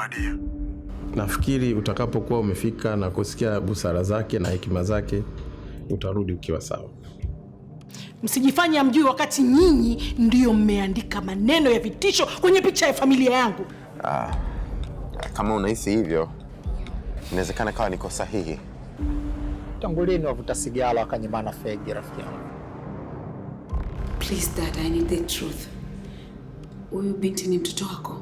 umewadia. Nafikiri utakapokuwa umefika na kusikia busara zake na hekima zake utarudi ukiwa sawa. Msijifanye hamjui wakati nyinyi ndiyo mmeandika maneno ya vitisho kwenye picha ya familia yangu. Ah, kama unahisi hivyo inawezekana kawa niko sahihi. Tangu lini wavuta sigara wakanyimana fegi, rafiki yangu? Please dad, I need the truth. Huyu binti ni mtoto wako?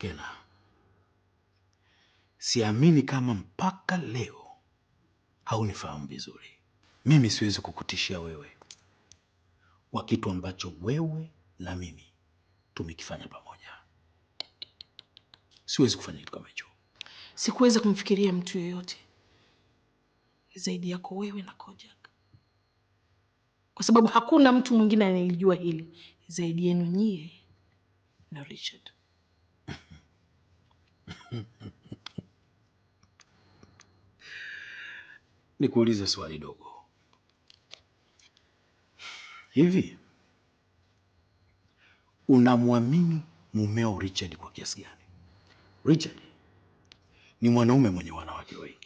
Makena. Siamini kama mpaka leo haunifahamu vizuri. Mimi siwezi kukutishia wewe kwa kitu ambacho wewe na mimi tumekifanya pamoja. Siwezi kufanya kitu kama hicho. Sikuweza kumfikiria mtu yeyote zaidi yako wewe na Kojak, kwa sababu hakuna mtu mwingine anayelijua hili zaidi yenu nyie na Richard. Nikuulize swali dogo. Hivi unamwamini mumeo Richard kwa kiasi gani? Richard ni mwanaume mwenye wanawake wengi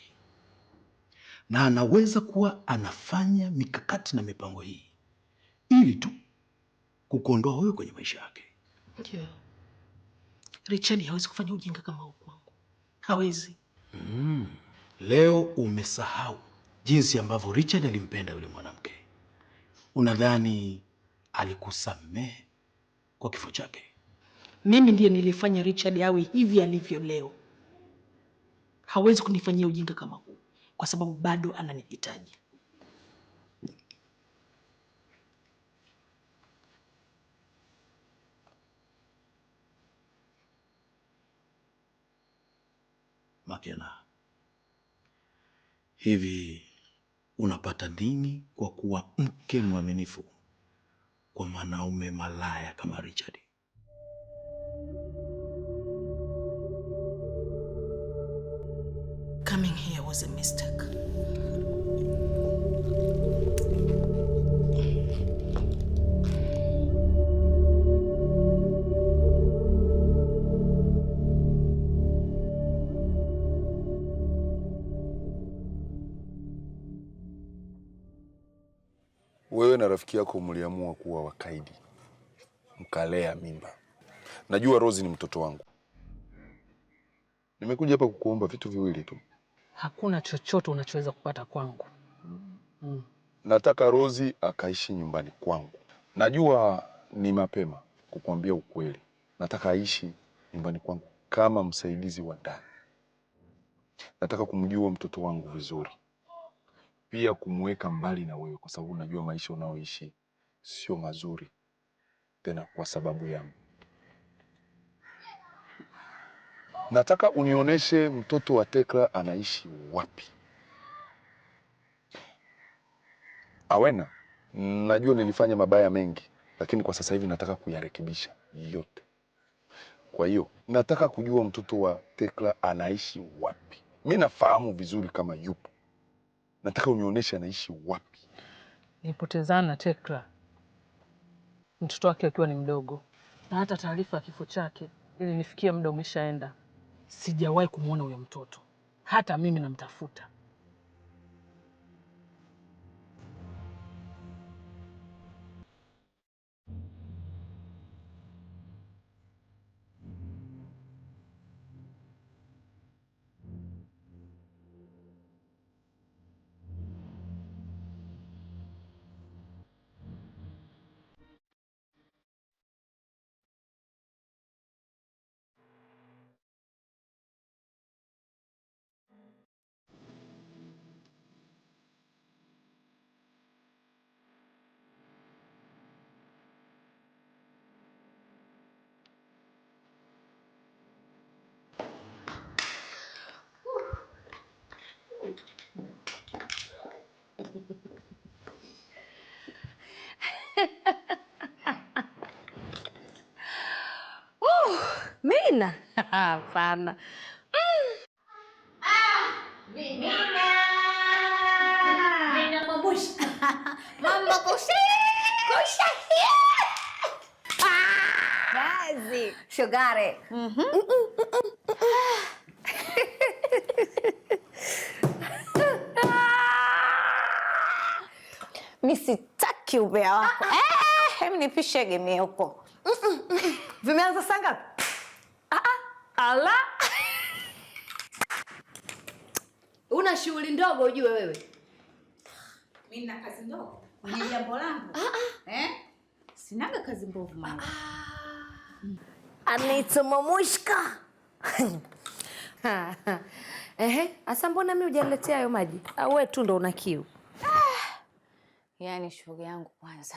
na anaweza kuwa anafanya mikakati na mipango hii ili tu kukuondoa wewe kwenye maisha yake. Ndio. Richard hawezi kufanya ujinga kama huu hawezi. Mm. Leo umesahau jinsi ambavyo Richard alimpenda yule mwanamke. Unadhani alikusamehe kwa kifo chake? Mimi ndiye nilifanya Richard awe hivi alivyo leo. Hawezi kunifanyia ujinga kama huu, kwa sababu bado ananihitaji. tena. Hivi unapata nini kwa kuwa mke mwaminifu kwa mwanaume malaya kama Richard? Coming here was a mistake. na rafiki yako mliamua kuwa wakaidi, mkalea mimba. Najua Rozi ni mtoto wangu. Nimekuja hapa kukuomba vitu viwili tu. Hakuna chochote unachoweza kupata kwangu. Mm. Nataka Rozi akaishi nyumbani kwangu. Najua ni mapema kukuambia ukweli. Nataka aishi nyumbani kwangu kama msaidizi wa ndani. Nataka kumjua mtoto wangu vizuri pia kumweka mbali na wewe, kwa sababu unajua maisha unaoishi sio mazuri, tena kwa sababu ya nataka unionyeshe mtoto wa Tekla anaishi wapi. Awena, najua nilifanya mabaya mengi, lakini kwa sasa hivi nataka kuyarekebisha yote. Kwa hiyo nataka kujua mtoto wa Tekla anaishi wapi. Mi nafahamu vizuri kama yupo nataka unionyeshe anaishi wapi. nipotezana na Tekla mtoto wake akiwa ni mdogo, na hata taarifa ya kifo chake ili nifikie muda umeshaenda, sijawahi kumwona huyo mtoto. Hata mimi namtafuta uh, menina! Ah, Fana! Hum. Ah, menina! Menina mamuxa! Mamma coxinha! Coxinha! Quase! Sugar! Eh. Uhum. Uh -uh. mi sitaki ubea wako. Ah, ah. eh, Hem, nipishe huko Vimeanza saa ngapi? Ah, Ala, una shughuli ndogo ujue wewe. Mimi na kazi ndogo ni jambo langu eh? Sinaga kazi mbovu mama. Anaitwa Mamushka. Ehe, asa mbona mimi hujaniletea hayo maji? Au wewe tu ndo una kiu? Yaani shughuli yangu kwanza,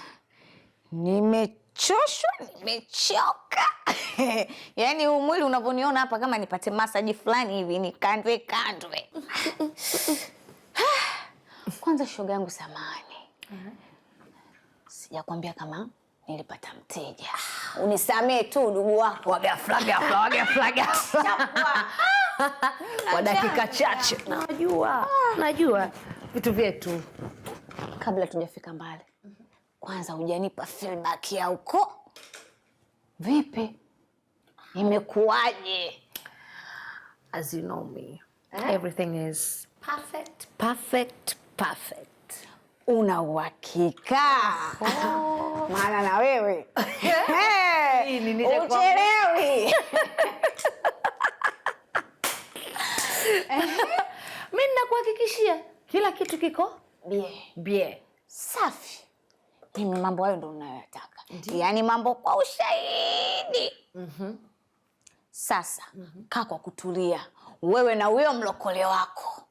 nimechoshwa, nimechoka yaani huu mwili unavyoniona hapa, kama nipate masaji fulani hivi nikandwe kandwe. Kwanza shoga yangu, samahani uh -huh. Sijakwambia kama nilipata mteja, unisamee tu ndugu wako wa ghafla ghafla wa ghafla ghafla kwa dakika chache. Najua najua vitu vyetu kabla tujafika mbali, kwanza hujanipa feedback ya huko vipi, imekuwaje? As you know me, eh? Everything is perfect, perfect, perfect. Una uhakika oh. maana na wewe hey, uchelewi eh, mi nakuhakikishia kila kitu kiko bie bie safi. Mimi mambo hayo ndo unayoyataka, yaani mambo kwa ushahidi. mm -hmm. Sasa mm -hmm. kaa kwa kutulia wewe na huyo mlokole wako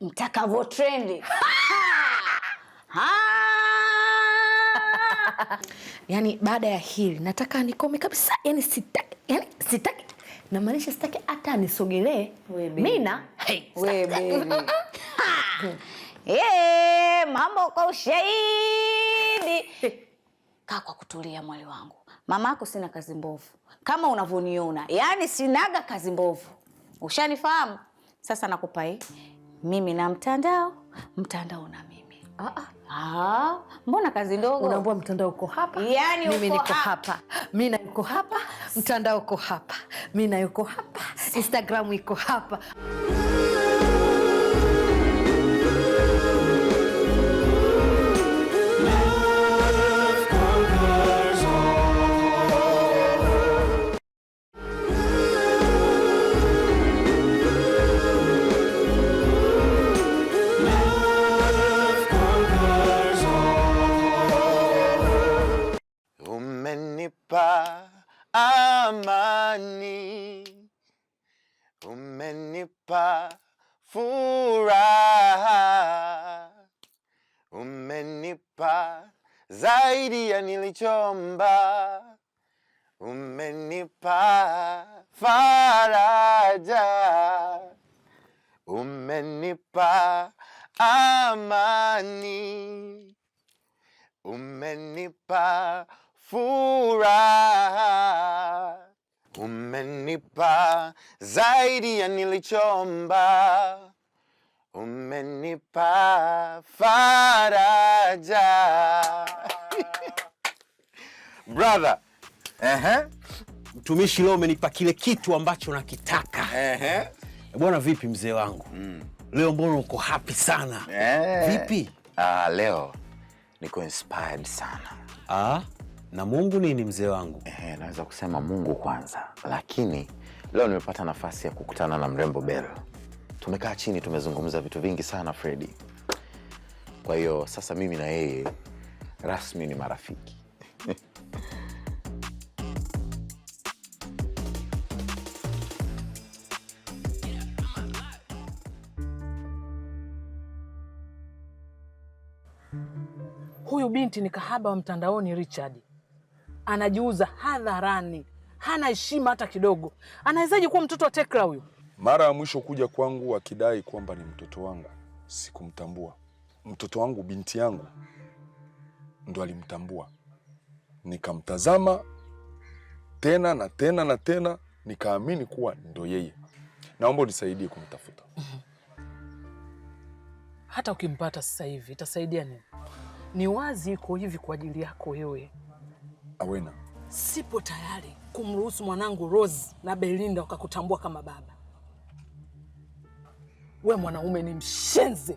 mtakavyo trendi. Yaani baada ya hili nataka nikome kabisa, yani sitaki, yani sitaki, namaanisha sitaki hata anisogelee mina hey, yeah, mambo kwa ushahidi. Kaa kwa kutulia mwali wangu, mama yako sina kazi mbovu kama unavyoniona, yaani sinaga kazi mbovu, ushanifahamu. Sasa nakupa hii, eh? mimi na mtandao, mtandao na mimi. Ah, ah, ah, mbona kazi ndogo? Unaambua mtandao uko hapa, yani mimi niko hapa, mimi na yuko hapa, mtandao uko hapa, mimi na yuko hapa, Instagram iko hapa. kunichomba, umenipa faraja, umenipa amani, umenipa furaha, umenipa zaidi ya nilichomba umenipa faraja. brother. Ehe. Mtumishi leo umenipa kile kitu ambacho nakitaka. Ehe. Bwana vipi mzee wangu? Mm. Leo mbona uko happy sana? Ehe. Vipi? Ah, leo niko inspired sana. Ah, na Mungu nini mzee wangu? Ehe, naweza kusema Mungu kwanza, lakini leo nimepata nafasi ya kukutana na mrembo Bell. Tumekaa chini tumezungumza vitu vingi sana Freddy. Kwa hiyo sasa mimi na yeye rasmi ni marafiki. eti ni kahaba wa mtandaoni. Richard anajiuza hadharani, hana heshima hata kidogo. Anawezaje kuwa mtoto wa Tekla huyu? Mara ya mwisho kuja kwangu akidai kwamba ni mtoto wangu, sikumtambua. Mtoto wangu, binti yangu, ndo alimtambua. Nikamtazama tena na tena na tena, nikaamini kuwa ndo yeye. Naomba unisaidie kumtafuta. Hata ukimpata sasa hivi itasaidia nini? ni wazi iko hivi kwa ajili yako wewe. Awena, sipo tayari kumruhusu mwanangu Rose na Belinda wakakutambua kama baba. We mwanaume ni mshenzi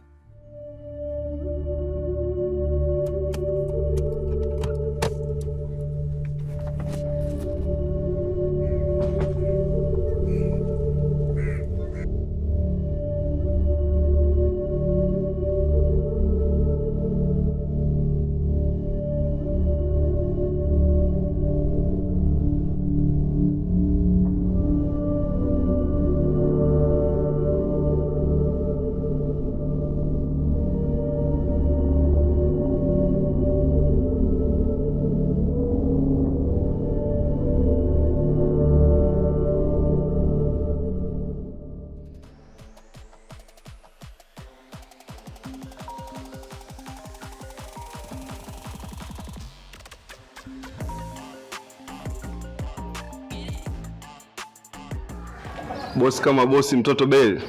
bosi kama bosi mtoto bel.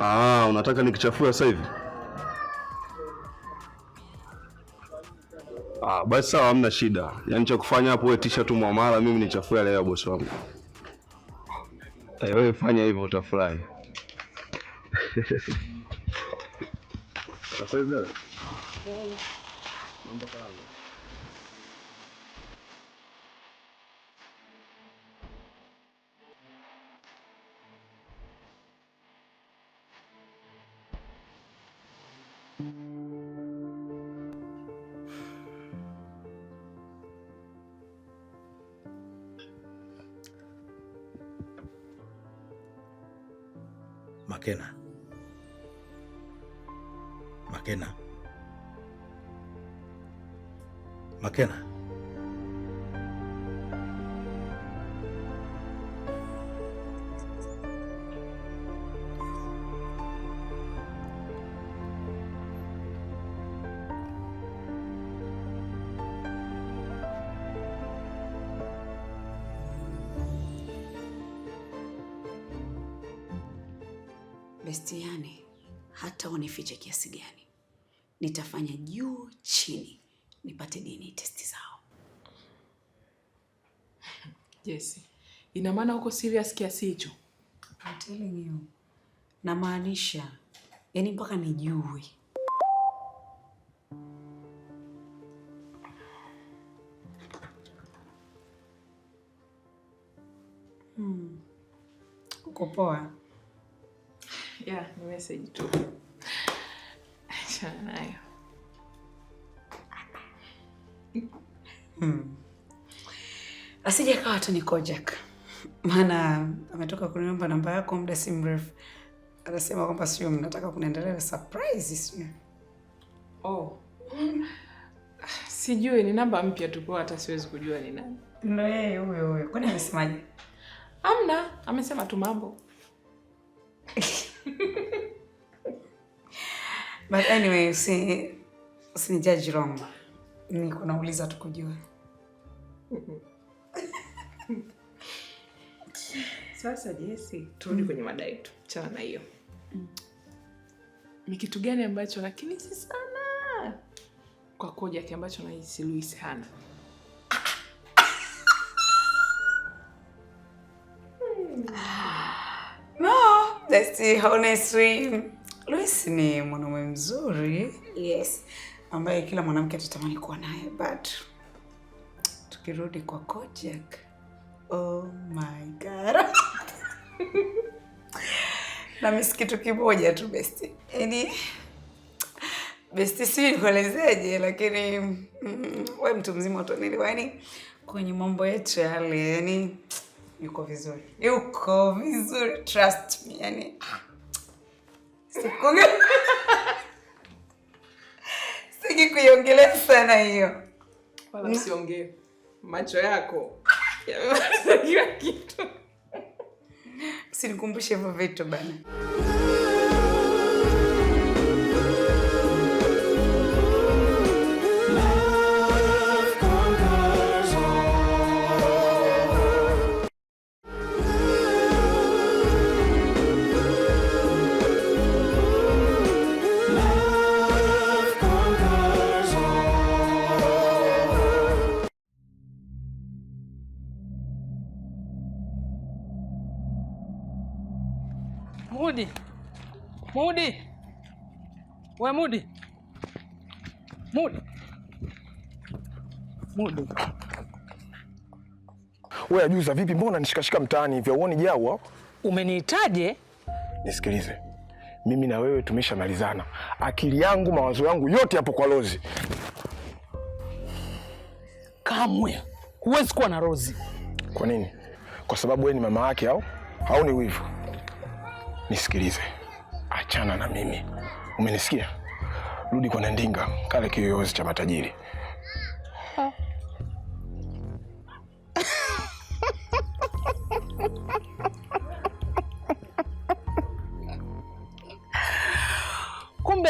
Ah, unataka nikichafua sasa hivi? Ah, basi sawa, hamna shida. Yaani cha kufanya hapo wewe tisha tu mwamala, mimi nichafue ya bosi wangu. Eh, wewe fanya hivyo utafurahi. bestiani, hata unifiche kiasi gani, nitafanya juu chini nipate dini testi zao. Jesi, ina maana uko serious kiasi hicho? I'm telling you, namaanisha yani mpaka nijue hmm. Uko poa? Yeah, ni message tu. Achana nayo. Hmm. Asije kawa tu ni Kojak. Maana ametoka kuniomba namba yako muda si mrefu. Anasema kwamba sio mnataka kunaendelea surprise sio? Oh. Sijui ni namba mpya tu kwa hata siwezi kujua ni nani. Ndio yeye huyo huyo. Kwani amesemaje? Amna, amesema tu mambo. But anyway, usi judge wrong. Niko nauliza tu kujua. Sasa Jesse, turudi kwenye mada yetu. Chana na hiyo. Ni kitu gani ambacho lakini si sana kwa Kojak ambacho nahisi Luis hana? No, that's the honest dream. Luis ni mwanaume mzuri yes, ambaye kila mwanamke atatamani kuwa naye, but tukirudi kwa Kojak, oh my god namisi kitu kimoja tu besti, yaani besti, si nikuelezeje, lakini mm, we mtu mzima utanelewa, yaani kwenye mambo yetu yale, yaani yuko vizuri, yuko vizuri, trust me, yaani ah, siku siji kuiongelea sana hiyo, wala usiongee. Macho yako yamemaliza kila kitu. Usinikumbushe hivyo vitu bana. ya Juza, vipi, mbona nishikashika mtaani hivyo, uone jawa? Umeniitaje? Nisikilize, mimi na wewe tumeshamalizana. Akili yangu mawazo yangu yote yapo kwa Rozi. Kamwe huwezi kuwa na Rozi. Kwa nini? Kwa sababu wewe ni mama yake au au ni wivu? Nisikilize, achana na mimi, umenisikia? Rudi kwa Nandinga, kale kiyoyozi cha matajiri.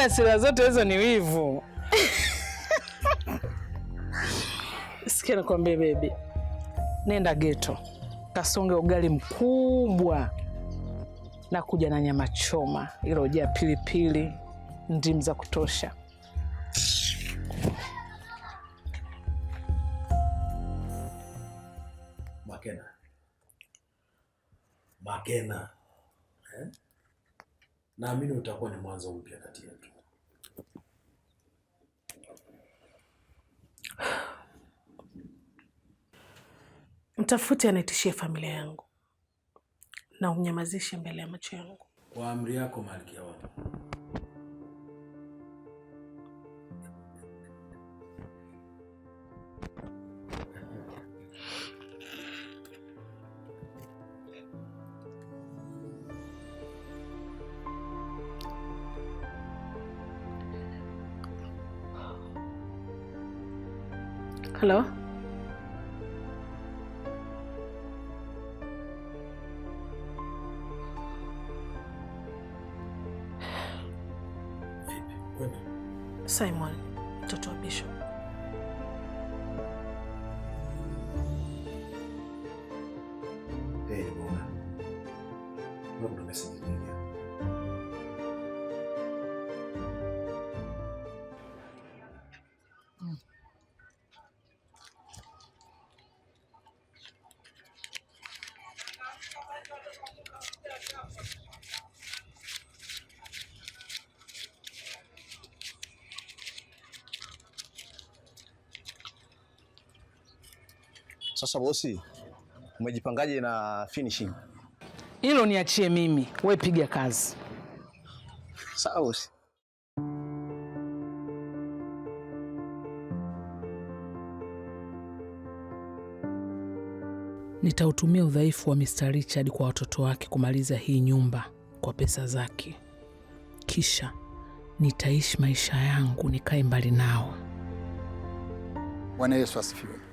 hasira zote hizo ni wivu. Sikia kuambia bebi, nenda geto kasonge ugali mkubwa na kuja na nyama choma ilojaa pilipili, ndimu za kutosha. Makena, Makena, eh? naamini utakuwa ni mwanzo mpya kati yetu. Mtafute anaitishia familia yangu na unyamazishe mbele ya macho yangu. Kwa amri yako, malkia wangu. Hello. Eh, eh, Simon. Sasa bosi, umejipangaje na finishing? Hilo niachie mimi, wewe piga kazi. Sawa bosi. Nitautumia udhaifu wa Mr. Richard kwa watoto wake kumaliza hii nyumba kwa pesa zake, kisha nitaishi maisha yangu, nikae mbali nao. Bwana Yesu asifiwe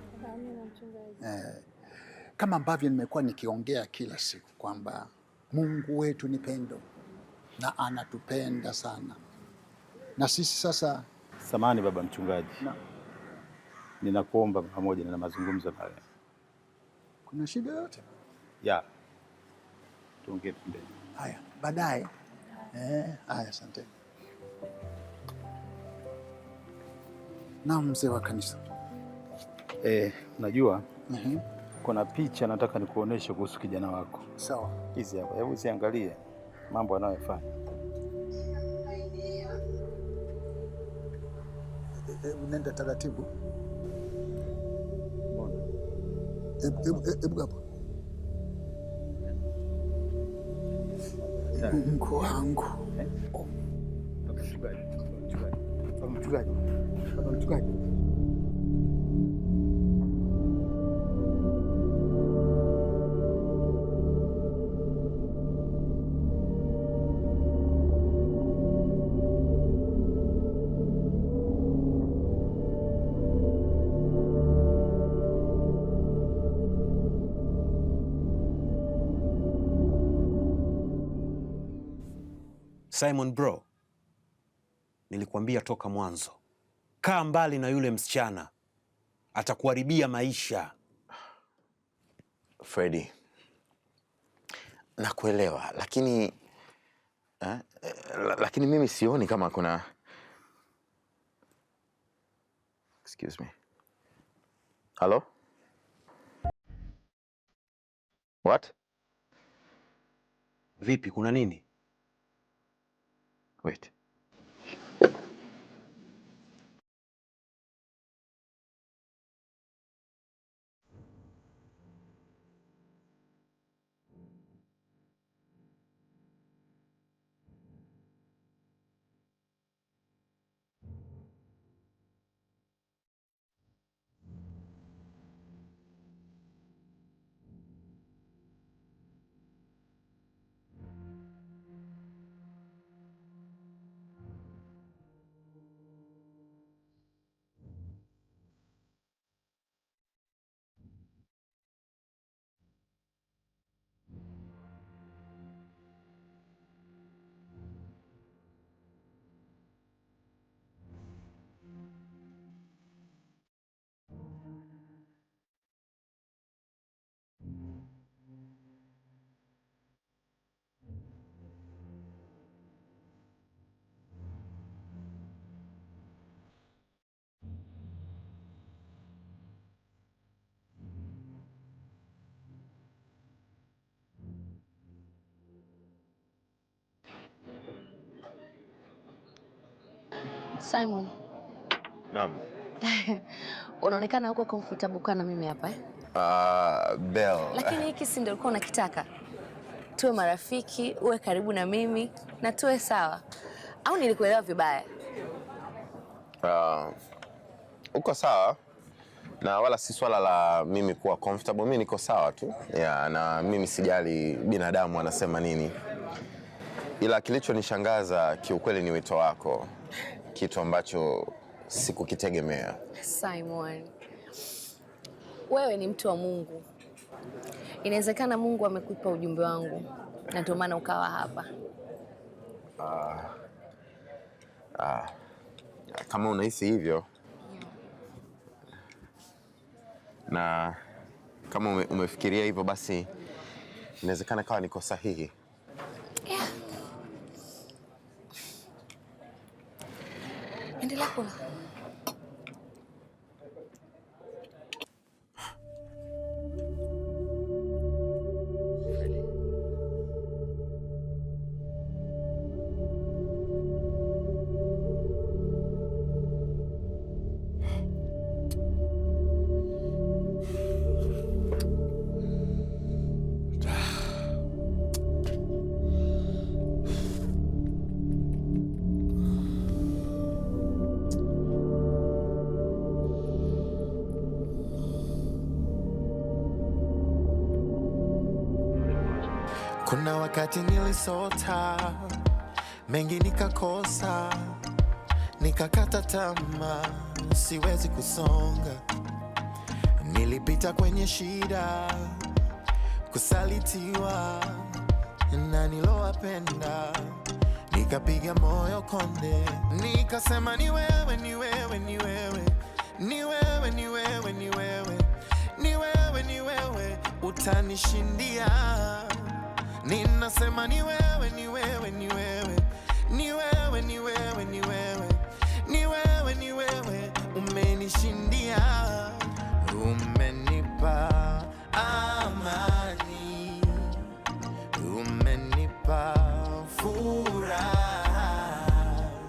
kama ambavyo nimekuwa nikiongea kila siku kwamba Mungu wetu ni pendo na anatupenda sana, na sisi sasa. Samani baba mchungaji, ninakuomba pamoja na mazungumzo nawe. Kuna shida yote? Ya, tuongee pembeni. Haya, baadaye. Eh, haya, asante. Na mzee wa kanisa, eh, unajua uh mhm. -huh kuna picha nataka nikuoneshe kuhusu kijana wako. Sawa. Hizi hapa. Hebu ziangalie mambo anayofanya. Nenda taratibu. Hebu hapa. Mko wangu. Eh? Oh. Mchungaji. Mchungaji. Mchungaji. Simon bro, nilikuambia toka mwanzo, kaa mbali na yule msichana, atakuharibia maisha. Fredi, nakuelewa lakini eh, eh, lakini mimi sioni kama kuna Excuse me. Hello? What? Vipi, kuna nini? Wait. Simon. Naam. Unaonekana uko comfortable na mimi hapa eh? Uh, Bell. Lakini hiki si ndio ulikuwa unakitaka? Tuwe marafiki, uwe karibu na mimi na tuwe sawa. Au nilikuelewa vibaya? Uh, uko sawa na wala si swala la mimi kuwa comfortable. Mimi niko sawa tu ya, na mimi sijali binadamu anasema nini, ila kilichonishangaza kiukweli ni wito wako kitu ambacho sikukitegemea. Simon, wewe ni mtu wa Mungu. Inawezekana Mungu amekupa ujumbe wangu na ndio maana ukawa hapa. Ah. Ah. Kama unahisi hivyo na kama umefikiria hivyo, basi inawezekana kawa niko sahihi. লাগবো না wakati nilisota mengi nikakosa, nikakata tamaa, siwezi kusonga. Nilipita kwenye shida, kusalitiwa na nilowapenda, nikapiga moyo konde, nikasema ni wewe, ni wewe, ni wewe, ni wewe, ni wewe, ni wewe, ni wewe, ni wewe utanishindia ninasema ni wewe, ni wewe, ni wewe, ni wewe